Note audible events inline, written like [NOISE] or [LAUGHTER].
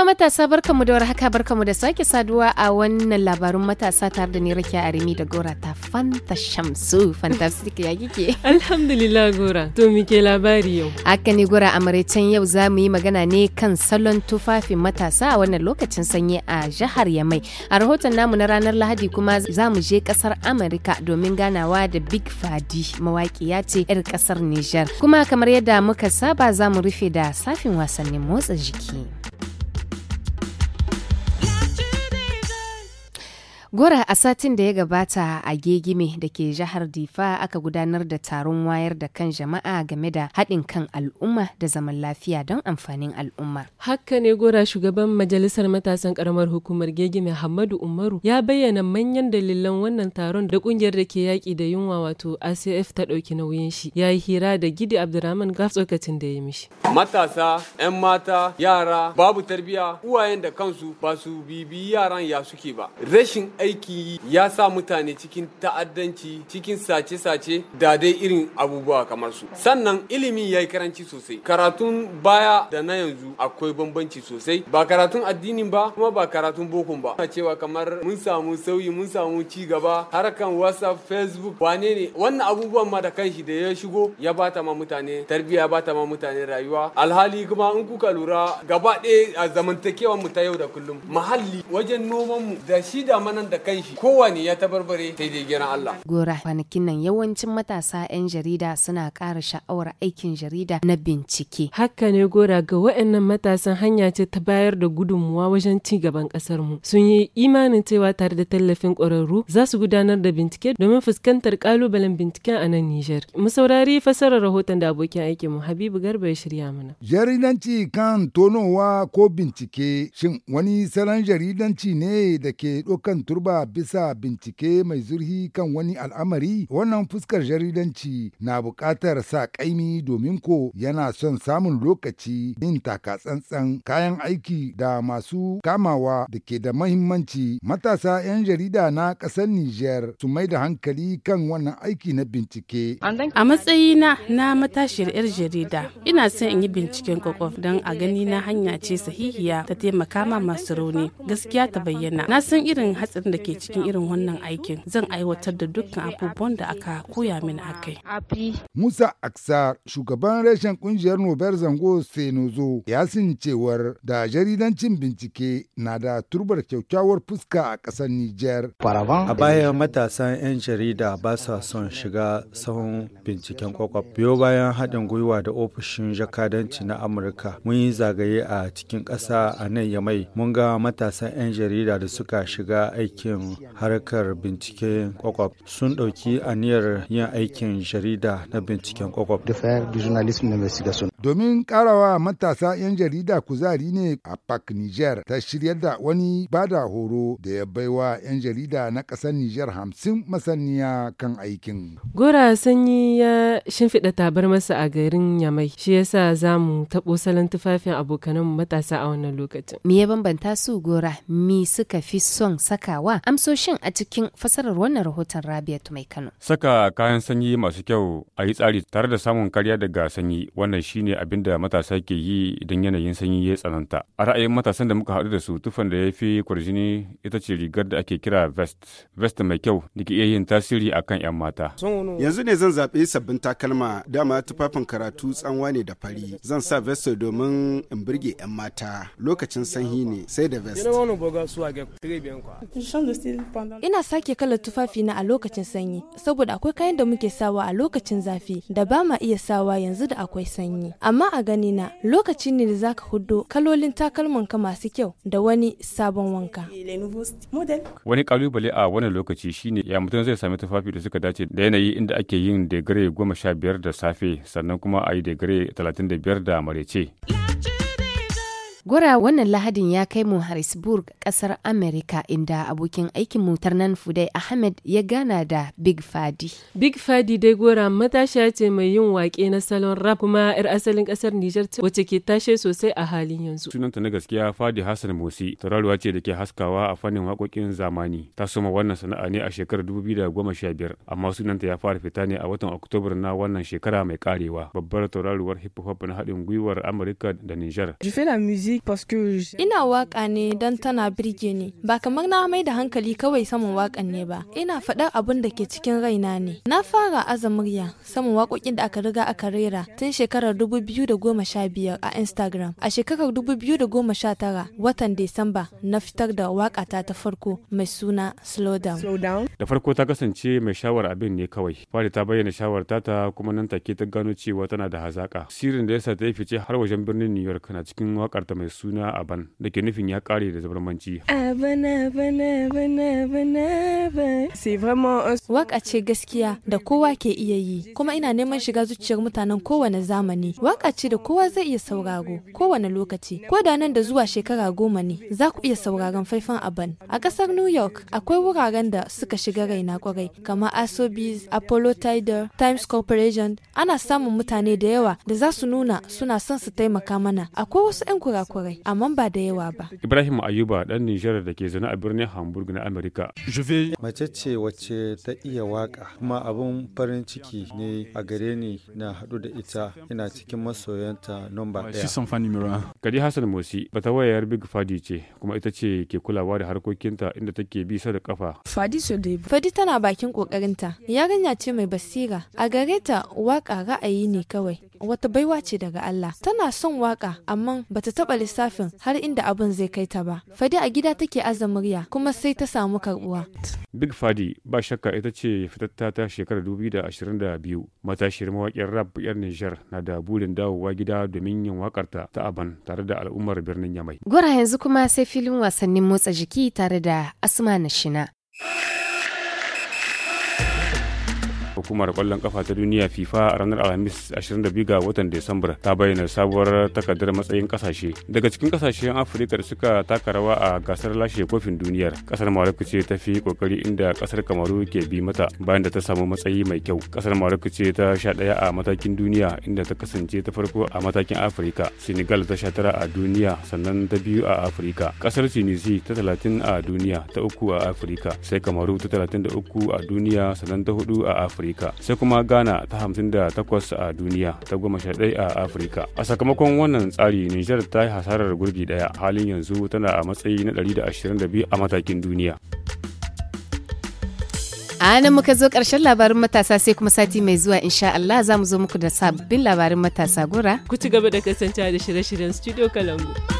kuma matasa barkamu da warhaka barkamu da sake saduwa a wannan labarun matasa tare da ni Rakiya Arimi da Gora ta Fanta Shamsu fantastic ya kike. [LAUGHS] Alhamdulillah Gora. To muke labari yau. Haka ne Gora Amaritan yau za mu yi magana ne kan salon tufafin matasa a wannan lokacin sanyi a jihar Yamai. A rahoton namu na ranar Lahadi kuma za mu je kasar Amurka domin ganawa da Big Fadi mawaƙiya ce 'yar kasar niger Kuma kamar yadda muka saba za mu rufe da safin wasannin motsa jiki. Gora a satin da ya gabata a Gegime da ke jihar Difa aka gudanar da taron wayar da kan jama'a game da haɗin kan al'umma da zaman lafiya don amfanin al'umma. Haka ne Gora shugaban majalisar matasan karamar hukumar Gegime Hamadu Umaru ya bayyana manyan dalilan wannan taron da kungiyar da ke yaƙi da yunwa wato ACF ta ɗauki nauyin shi. Ya yi hira da Gidi Abdurrahman Gaf tsokacin da ya mishi. Matasa, 'yan mata, yara, babu tarbiyya, uwayen da kansu ba su bibiyi yaran ya suke ba. Rashin aiki ya sa mutane cikin ta'addanci cikin sace-sace da dai irin abubuwa kamar su sannan ilimi ya yi karanci sosai karatun baya da na yanzu akwai bambanci sosai ba karatun addinin ba kuma ba karatun bokun ba cewa kamar mun samu sauyi mun samu ci gaba harkan whatsapp facebook wane ne wannan abubuwan ma da kanshi da ya shigo ya bata ma mutane tarbiyya ya bata ma mutane rayuwa alhali kuma in kuka lura gaba ɗaya a zamantakewar mu ta yau da kullum muhalli wajen noman mu da shi da manan da kanshi kowane ya tabarbare sai dai gidan Allah. Gora kwanakin nan yawancin matasa 'yan jarida suna ƙara sha'awar aikin jarida na bincike. Haka ne gora ga waɗannan matasan hanya ce ta bayar da gudunmuwa wajen ci gaban ƙasar mu. Sun yi imanin cewa tare da tallafin ƙwararru za su gudanar da bincike domin fuskantar ƙalubalen binciken a nan Nijar. Mu saurari fasarar rahoton da abokin aikin mu Habibu Garba ya shirya mana. Jaridanci kan tonowa ko bincike shin wani salon jaridanci ne da ke ɗaukan turba turba bisa bincike mai zurhi kan wani al'amari wannan fuskar jaridanci na bukatar sa kaimi domin ko yana son samun lokaci yin tsantsan kayan aiki da masu kamawa da ke da mahimmanci matasa 'yan jarida na ƙasar Nijar su mai da hankali kan wannan aiki na bincike. A matsayina na matashiyar 'yar jarida ina son in yi binciken kwakwaf don a gani na hanya ce sahihiya ta taimaka ma masu rauni gaskiya ta bayyana na san irin hatsarin da ke cikin irin wannan aikin zan aiwatar da dukkan abubuwan da aka koya min a kai. Musa Aksar shugaban reshen kungiyar Nobel Zango Senozo ya sin cewar da jaridancin bincike na da turbar kyakkyawar fuska a ƙasar Nijar. A baya matasan 'yan jarida ba sa son shiga sahun binciken kwakwaf. Biyo bayan haɗin gwiwa da ofishin jakadanci na Amurka mun yi zagaye a cikin ƙasa a nan yamai mun ga matasan 'yan jarida da suka shiga aiki aikin harkar binciken kwakwaf sun ɗauki aniyar yin aikin jarida na binciken kwakwaf. domin karawa matasa 'yan jarida kuzari ne a Park Niger ta shiryar da wani bada horo da ya baiwa 'yan jarida na ƙasar Niger hamsin masaniya kan aikin. Gora sanyi ya shimfiɗa tabar masa a garin Yamai shi yasa za mu taɓo salon tufafin abokanan matasa a wannan lokacin. Me ya bambanta su gora mi suka fi son sakawa amsoshin a cikin fasarar wannan rahoton Rabiatu mai Kano. Saka kayan sanyi masu kyau a yi tsari tare da samun kariya daga sanyi wannan shine ne abin da matasa ke yi idan yanayin sanyi ya tsananta. A ra'ayin matasan da muka haɗu da su tufan da ya fi kwarjini ita ce rigar da ake kira vest. Vest mai kyau da ke iya yin tasiri a kan 'yan mata. Yanzu ne zan zaɓi sabbin takalma dama tufafin karatu tsanwa ne da fari. Zan sa vest domin in birge 'yan mata. Lokacin sanyi ne sai da vest. Ina sake kalar tufafi na a lokacin sanyi saboda akwai kayan da muke sawa a lokacin zafi da ba ma iya sawa yanzu da akwai sanyi. amma a gani na lokaci ne da za ka hudu kalolin takalmanka masu kyau da wani sabon wanka. Wani kalubale a wani lokaci shine ya mutum zai sami tufafi da suka dace da yanayi inda ake yin degire goma sha biyar da safe sannan kuma a yi degire talatin da biyar da marece. gora wannan lahadin ya kai mu Harrisburg kasar Amerika inda abokin aikin mutar nan Fudai Ahmed ya gana da Big Fadi. Big Fadi dai gora matashiya ce mai yin wake na salon rap kuma 'yar asalin kasar Nijar ce wace ke tashe sosai a halin yanzu. Sunanta na gaskiya Fadi Hassan Musi tararuwa ce da ke haskawa a fannin waƙoƙin zamani. Ta soma wannan sana'a ne a shekarar biyar amma sunanta ya fara fita ne a watan Oktoba na wannan shekara mai karewa. Babbar tauraruwar hip hop na haɗin gwiwar Amurka da Nijar. Ina waka ne don tana birge ni, ba kamar na mai da hankali kawai saman wakan ne ba. Ina faɗar abin da ke cikin raina ne. Na fara aza murya saman waƙoƙin da aka riga aka rera tun shekarar 2015 a Instagram. A shekarar 2019 watan Disamba na fitar da wakata ta farko mai suna Slow Down. Da farko ta kasance mai shawar abin ne kawai. Fadi ta bayyana shawarta ta kuma nan take ta gano cewa tana da hazaka. Sirin da yasa ta yi fice har wajen birnin New York na cikin waƙarta mai suna aban da ke nufin ya kare da Waka ce gaskiya da kowa ke iya yi, kuma ina neman shiga zuciyar mutanen kowane zamani. Waka ce da kowa zai iya sauraro kowane lokaci, ko da nan da zuwa shekara goma ne za ku iya sauraron faifan aban. A ƙasar New York akwai wuraren da suka shiga raina kwarai, kamar Asobis, Apollo Tidal, Times Corporation, ana samun mutane da yawa da za su nuna suna son su taimaka mana. Akwai wasu 'yan kurakura kwarai amma ba da yawa ba ibrahim ayuba dan nijar da ke zaune a birnin hamburg na amerika mace ce wace ta iya waka kuma abun farin ciki ne a gare ni na haɗu da ita ina cikin masoyanta nomba ɗaya kadi hassan mosi bata wayar big fadi ce kuma ita ce ke kulawa da harkokinta inda take bi sa da kafa fadi fadi tana bakin ƙoƙarinta yarinya ce mai basira a gare ta waka ra'ayi ne kawai wata baiwa ce daga Allah tana son waka amma bata taɓa lissafin har inda abin zai kai ta ba. Fadi a gida take aza murya kuma sai ta samu karbuwa. Big Fadi ba shakka ita ce fitatta ta shekarar 2022 matashiyar mawaƙin rap 'yar Nijar na da burin dawowa gida domin yin wakarta ta aban tare da al'ummar birnin Yamai. Gora yanzu kuma sai filin wasannin motsa jiki tare da Asma na Shina. hukumar kwallon kafa ta duniya FIFA a ranar Alhamis 22 ga watan disamba ta bayyana sabuwar takardar matsayin kasashe. Daga cikin kasashen Afirka da suka taka rawa a gasar lashe kofin duniyar, kasar maroko ce ta fi kokari inda kasar Kamaru ke bi mata bayan da ta samu matsayi mai kyau. Kasar maroko ce ta daya a matakin duniya inda ta kasance ta farko a matakin Afirka. Senegal ta sha tara a duniya sannan ta biyu a Afirka. Kasar Tunisia ta talatin a duniya, ta uku a Afirka, sai Kamaru ta talatin da uku a duniya sannan ta hudu a Afirka. Amerika sai kuma ghana ta hamsin da takwas a duniya ta goma sha a afirka a sakamakon wannan tsari nijar ta yi hasarar gurbi daya halin yanzu tana a matsayi na 122 a matakin duniya a nan muka zo ƙarshen labarin matasa sai kuma sati mai zuwa insha Allah za mu zo muku da sabbin labarin matasa gora ku ci gaba da kasancewa da shirye-shiryen studio kalangu